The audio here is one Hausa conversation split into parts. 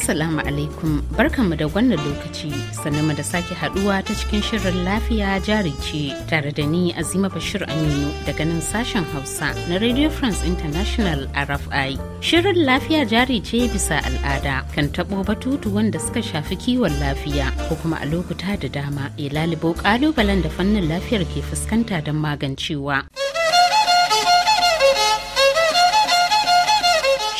Assalamu alaikum barkanmu da wannan lokaci sannan da sake haduwa ta cikin shirin lafiya jari ce tare da ni Azima Bashir Aminu daga nan sashen Hausa na Radio France International RFI. Shirin lafiya jari ce bisa al'ada kan tabo batutu wanda suka shafi kiwon lafiya ko kuma a lokuta da dama ya lalibo kalubalen da fannin lafiyar ke fuskanta don magancewa.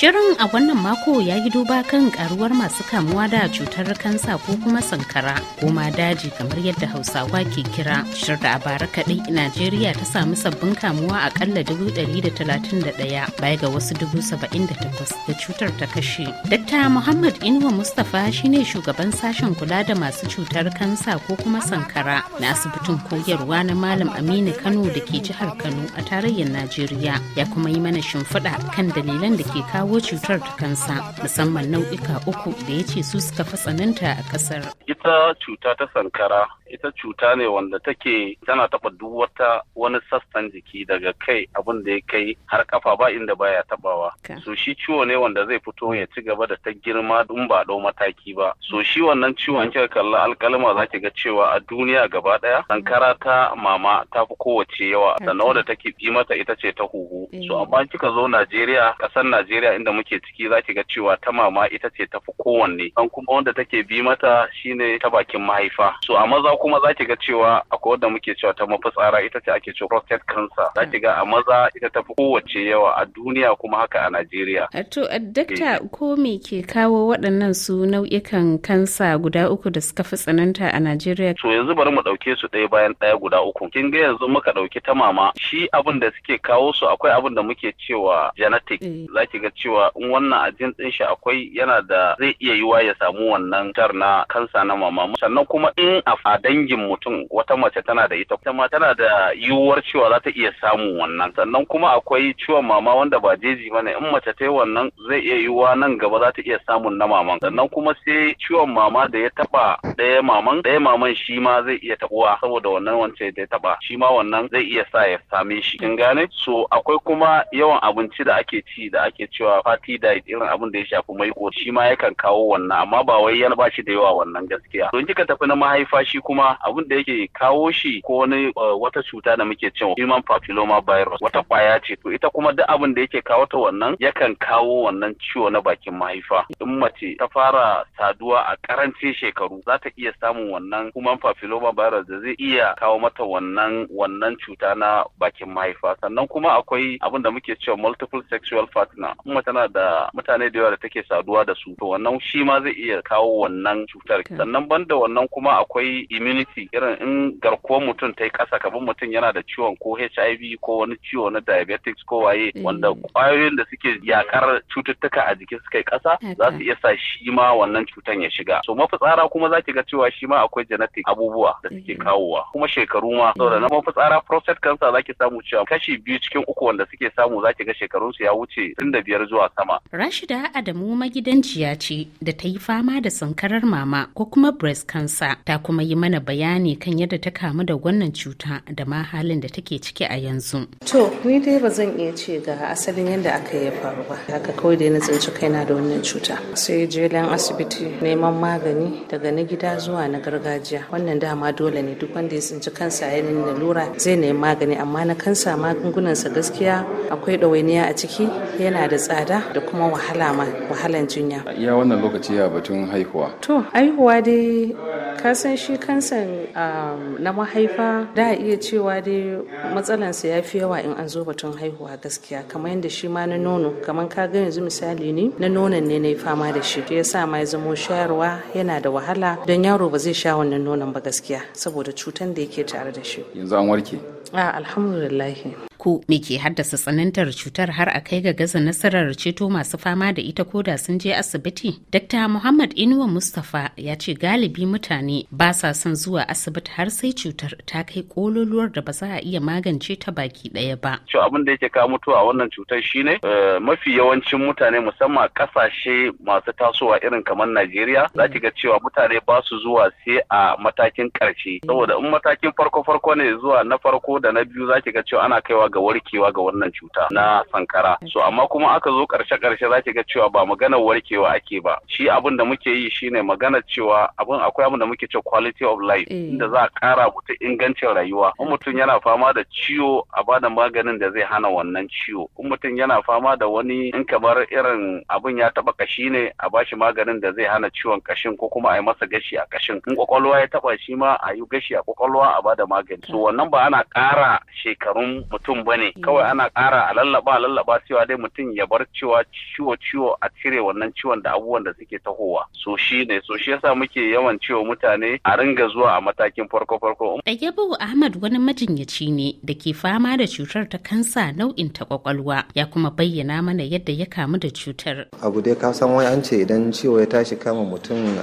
Shirin a wannan mako ya yi duba kan karuwar masu kamuwa da cutar kansa ko kuma sankara ko ma daji kamar yadda Hausawa ke kira. Shir da a bara kaɗai Najeriya ta samu sabbin kamuwa a akalla ɗaya baya ga wasu dubu saba'in da takwas da cutar ta kashe. Dakta Muhammad Inuwa Mustapha shine shugaban sashen kula da masu cutar kansa ko kuma sankara na asibitin koyarwa na Malam Aminu Kano da ke jihar Kano a tarayyar Najeriya ya kuma yi mana shimfiɗa kan dalilan da ke kawo kawo cutar ta kansa musamman nau'ika uku da ya ce su suka fi tsananta a kasar. Ita cuta ta sankara ita cuta ne wanda take tana taɓa duk wata wani sassan jiki daga kai abin da ya kai har kafa ba inda baya tabawa. So shi ciwo ne wanda zai fito ya ci gaba da ta girma dun ba ɗau mataki ba. So shi wannan ciwon kika kalla alkalma za ki ga cewa a duniya gaba ɗaya sankara ta mama ta fi kowace yawa sannan wanda take bi mata ita ce ta huhu. Eh. So amma kika zo Najeriya ƙasar Najeriya yayin da muke ciki za ki ga cewa ta mama ita ce tafi kowanne an kuma wanda take bi mata shine ta bakin mahaifa so a maza kuma za ki ga cewa akwai wanda muke cewa ta mafitsara ita ce ake cewa prostate cancer za ki ga a maza ita tafi kowace yawa a duniya kuma haka a Najeriya eh, to eh, dakta ko me ke kawo waɗannan su nau'ikan kansa guda uku da suka fi tsananta a Najeriya to yanzu bari mu ɗauke su ɗaya bayan ɗaya guda uku kin ga yanzu muka ɗauki ta mama shi abin da suke kawo su akwai abin da muke cewa genetic eh. za ki ga cewa cewa in wannan ajin din shi akwai yana da zai iya yiwa ya samu wannan tar na kansa na mama sannan kuma in a dangin mutum wata mace tana da ita kuma tana da yiwuwar cewa za ta iya samun wannan sannan kuma akwai ciwon mama wanda ba jeji bane in mace ta yi wannan zai iya yiwa nan gaba za ta iya samun na maman sannan kuma sai ciwon mama da ya taba ɗaya maman ɗaya maman shi ma zai iya tabuwa saboda wannan wance da ya taba shi ma wannan zai iya sa ya same shi kin gane so akwai kuma yawan abinci da ake ci da ake cewa fati da irin abin da ya shafi maiko shi ma yakan kawo wannan amma ba wai yana ba shi da yawa wannan gaskiya don kika tafi na mahaifa shi kuma abin da yake kawo shi ko wani eh, wata cuta da muke cewa human papilloma virus wata kwaya ce to ita kuma duk abin da yake kawo ta wannan yakan kawo wannan ciwo na bakin mahaifa in mace ta fara saduwa a karancin shekaru za ta iya samun wannan human papilloma virus da zai iya kawo mata wannan wannan cuta na bakin mahaifa sannan kuma akwai abin da muke cewa multiple sexual partner kuma tana da mutane da yawa da take saduwa da su to wannan shi ma zai iya kawo wannan cutar sannan banda wannan kuma akwai immunity irin in garkuwar mutum ta yi kasa, kamar mutum yana da ciwon ko HIV ko wani ciwo na diabetics ko waye eh. wanda ƙwayoyin da suke yakar cututtuka a jiki suka yi ƙasa za su iya sa shi ma wannan cutar ya shiga so mafitsara kuma za ki ga cewa shi ma akwai genetic abubuwa da suke eh. kawowa kuma shekaru ma eh. saboda na mafitsara prostate cancer za ki samu cewa kashi biyu cikin uku wanda suke samu za ki ga shekarunsu ya wuce tun da biyar zuwa sama. Rashida Adamu magidanciya ce da ta yi fama da sankarar mama ko kuma breast cancer ta kuma yi mana bayani kan yadda ta kamu da wannan cuta da ma halin da take ciki a yanzu. To ni dai ba zan iya ce ga asalin yadda aka yi faru ba haka kawai da na tsinci kaina da wannan cuta sai jelen asibiti neman magani daga na gida zuwa na gargajiya wannan dama dole ne duk wanda ya tsinci kansa a yanayin lura zai nemi magani amma na kansa magungunansa gaskiya akwai ɗawainiya a ciki yana da tsari tsada da kuma wahala ma wahalan jinya ya wannan lokaci ya batun haihuwa to haihuwa dai kasan shi kansa um, na mahaifa da a iya cewa dai matsalansa ya fi yawa in an zo batun haihuwa gaskiya kamar yadda shi ma na nono kamar ka ga yanzu misali ne na nonon ne na fama da shi ya sa ma ya zamo shayarwa yana da wahala don yaro ba zai sha wannan nonon ba gaskiya saboda cutan da yake tare da shi yanzu an warke a alhamdulillah ko me ke haddasa tsanantar cutar har a kai ga gaza nasarar ceto masu fama da ita ko da sun je asibiti dr muhammad inuwa mustapha ya ce galibi mutane ba sa son zuwa asibiti har sai cutar ta kai kololuwar da ba za a iya magance ta baki daya ba abin da yake ka mutuwa a wannan cutar shine eh, mafi yawancin mutane musamman kasashe masu tasowa irin kamar najeriya za ki ga cewa mutane ba su zuwa sai a matakin karshe saboda in matakin farko farko ne zuwa na farko da na biyu za ki ga cewa ana kaiwa ga warkewa ga wannan cuta na sankara so amma kuma aka zo karshe karshe zaki ga cewa ba magana warkewa ake ba shi abin da muke yi shine magana cewa abin akwai abin da muke cewa quality of life eh. inda za a kara mutum ingancin rayuwa in mutum yana fama da ciwo a bada maganin da zai hana wannan ciwo in mutum yana fama da wani in kamar irin abin ya taba kashi ne a bashi maganin da zai hana ciwon kashin ko kuma a yi masa gashi a kashin in kwakwalwa ya taba shi ma a yi gashi a kwakwalwa a bada magani so wannan ba ana kara shekarun mutum ba ne kawai ana ƙara a lallaba lallaba cewa dai mutum ya bar cewa ciwo ciwo a cire wannan ciwon da abubuwan da suke tahowa so shi ne so shi yasa muke yawan ciwo mutane a ringa zuwa a matakin farko farko yabo Ahmad wani majinyaci ne da ke fama da cutar ta kansa nau'in ta kwakwalwa ya kuma bayyana mana yadda ya kamu da cutar abu dai ka san wai an ce idan ciwo ya tashi kama mutum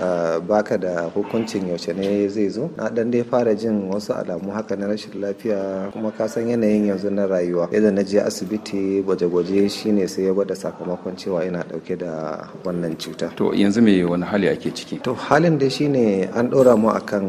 baka da hukuncin yaushe ne zai zo na dan dai fara jin wasu alamu haka na rashin lafiya kuma ka san yanayin yanzu na rayuwa yadda na je asibiti gwaje-gwaje shine sai ya gwada sakamakon cewa ina dauke da wannan cuta to yanzu me wani hali ake ciki to halin da shine an ɗora mu akan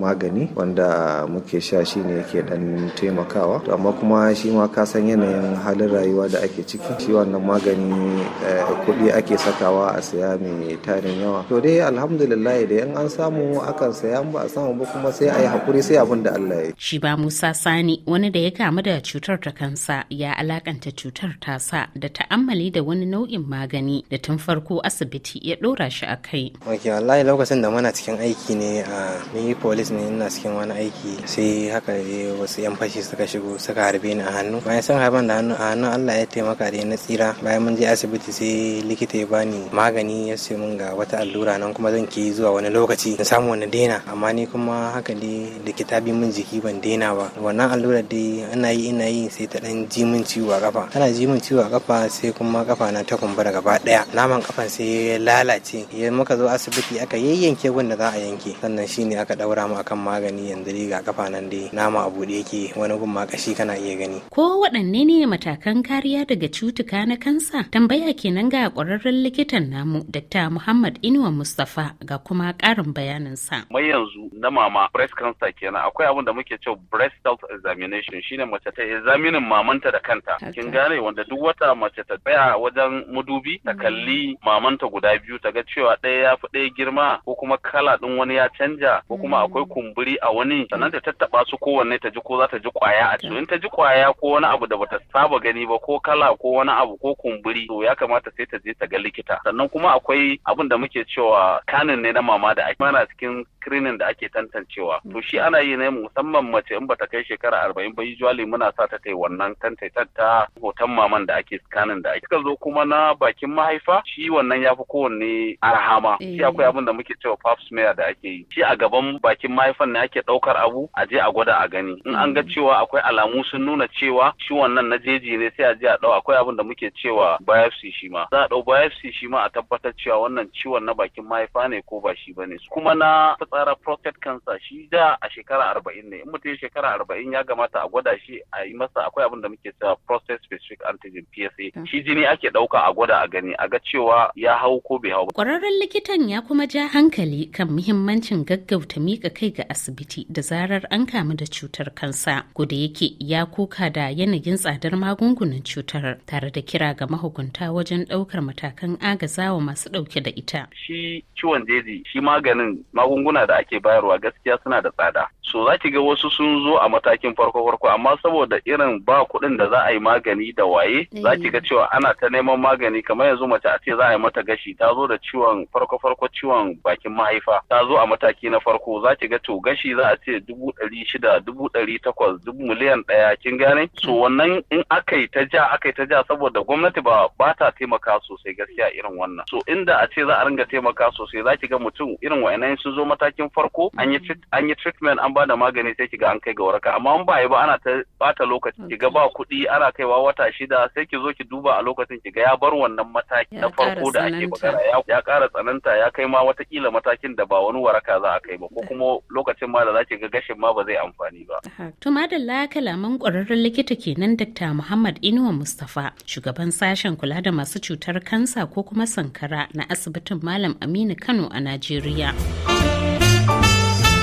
magani wanda muke sha shine yake dan taimakawa to amma kuma shi ma ka san yanayin halin rayuwa da ake ciki shi wannan magani eh, kuɗi ake sakawa a saya mai tarin yawa to dai alhamdulillah da yan an samu akan saya ba a samu ba kuma sai a yi hakuri sai abin da Allah ya yi shi ba Musa Sani wani da ya kamu da cutar cutar ta kansa ya alakanta cutar tasa da ta'ammali da wani nau'in magani da tun farko asibiti ya dora shi a kai. oke wallahi lokacin da muna cikin aiki ne a ni polis ne ina cikin wani aiki sai haka ne wasu yan fashi suka shigo suka harbe ni a hannu. Bayan sun harban da hannu a hannu Allah ya taimaka da na tsira bayan mun je asibiti sai likita ya bani magani ya ce mun ga wata allura nan kuma zan ke zuwa wani lokaci na samu wani daina amma ni kuma haka ne da kitabi min jiki ban daina ba wannan allura dai ina yi ina yi sai ta dan ji min ciwo a kafa tana ji min ciwo a kafa sai kuma kafa na ta kumbura gaba daya naman kafan sai ya lalace ya muka zo asibiti aka yayyanke wanda za a yanke sannan shine aka daura mu akan magani yanzu dai ga kafa nan dai nama a bude yake wani gun ma kashi kana iya gani ko waɗanne ne matakan kariya daga cutuka na kansa tambaya kenan ga kwararren likitan namu Dr. Muhammad Inuwa Mustafa ga kuma ƙarin sa. Mai yanzu na mama breast cancer kenan akwai abin da muke cewa breast self examination shine mace ta laminin mamanta da kanta kin gane wanda duk wata mace ta tsaya wajen mudubi ta mm. kalli mamanta guda biyu ta ga cewa ɗaya ya fi ɗaya girma ko kuma kala ɗin wani ya canja ko kuma mm. akwai kumburi a wani sannan ta tattaɓa su kowanne ta ji ko za ta ji kwaya a in ta ji kwaya ko wani abu da bata saba gani ba ko kala ko wani abu ko kumburi to ya kamata sai ta je ta ga likita sannan kuma akwai abin da muke cewa kanin ne na mama da ake mana cikin screening da ake tantancewa to mm. shi ana yi ne musamman mace in bata kai shekara arba'in ba usually muna sa ta kai wannan tantance ta hoton maman da ake scanning da ake zo kuma na bakin mahaifa shi wannan yafi kowanne arhama shi eh. akwai abin da muke cewa pap smear da ake yi shi a gaban bakin mahaifan ne ake ɗaukar abu a je a gwada a gani in an ga mm. cewa akwai alamu sun nuna cewa shi wannan na jeji ne sai a je a dau akwai abin da muke cewa biopsy shi ma za a dau biopsy shi ma a tabbatar cewa wannan ciwon na bakin mahaifa ne ko ba shi bane kuma na tsara prostate cancer shi da a shekara arba'in ne in mutum ya shekara arba'in ya gamata a gwada shi a yi masa akwai abin da muke cewa prostate specific antigen PSA mm. shi jini ake ɗauka a gwada a gani a ga cewa ya hau ko bai hau ba. Ƙwararren likitan ya kuma ja hankali kan muhimmancin gaggauta miƙa kai ga asibiti da zarar an kamu da cutar kansa ko da yake ya kuka da yanayin tsadar magungunan cutar tare da kira ga mahukunta wajen ɗaukar matakan agazawa masu ɗauke da ita. Shi ciwon jeji shi maganin magunguna da ake bayarwa gaskiya suna da tsada so za ki ga wasu sun zo a matakin farko farko amma saboda irin ba kuɗin da za a yi magani da waye za ki ga eh. cewa ana ta neman magani kamar yanzu mace a ce za a yi mata gashi ta zo da ciwon farko farko ciwon bakin mahaifa ta zo a mataki na farko za ki ga to gashi za a ce dubu ɗari shida dubu ɗari takwas dubu miliyan ɗaya kin gane so hmm. wannan in aka yi ta ja aka yi ta ja saboda gwamnati ba ba ta taimaka sosai gaskiya irin wannan so inda a ce za a ringa taimaka sosai za ki ga mutum irin wa'annan sun zo matakin farko an yi hmm. treatment an ba da magani sai kiga an kai ga waraka amma in ba yi ba ana ta bata lokaci kiga ba kuɗi ana kaiwa wata shida sai ki zo ki duba a lokacin kiga ya bar wannan mataki na farko da ake magana ya ƙara tsananta ya kai ma watakila matakin da ba wani waraka za a kai ba ko kuma lokacin ma da za ki ga gashin ma ba zai amfani ba. To madalla kalaman ƙwararren likita kenan Dr. Muhammad Inuwa Mustapha shugaban sashen kula da masu cutar kansa ko kuma sankara na asibitin Malam Aminu Kano a Najeriya.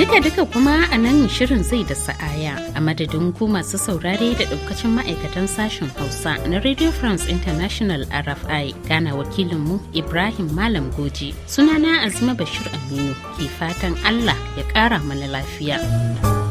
Duka-duka kuma a nan shirin zai da sa'aya a madadin ku masu saurare da ɗaukacin ma'aikatan sashen Hausa na Radio France International RFI gana wakilinmu Ibrahim Malam Goji. Sunana Azima Bashir Aminu ke fatan Allah ya ƙara mana lafiya.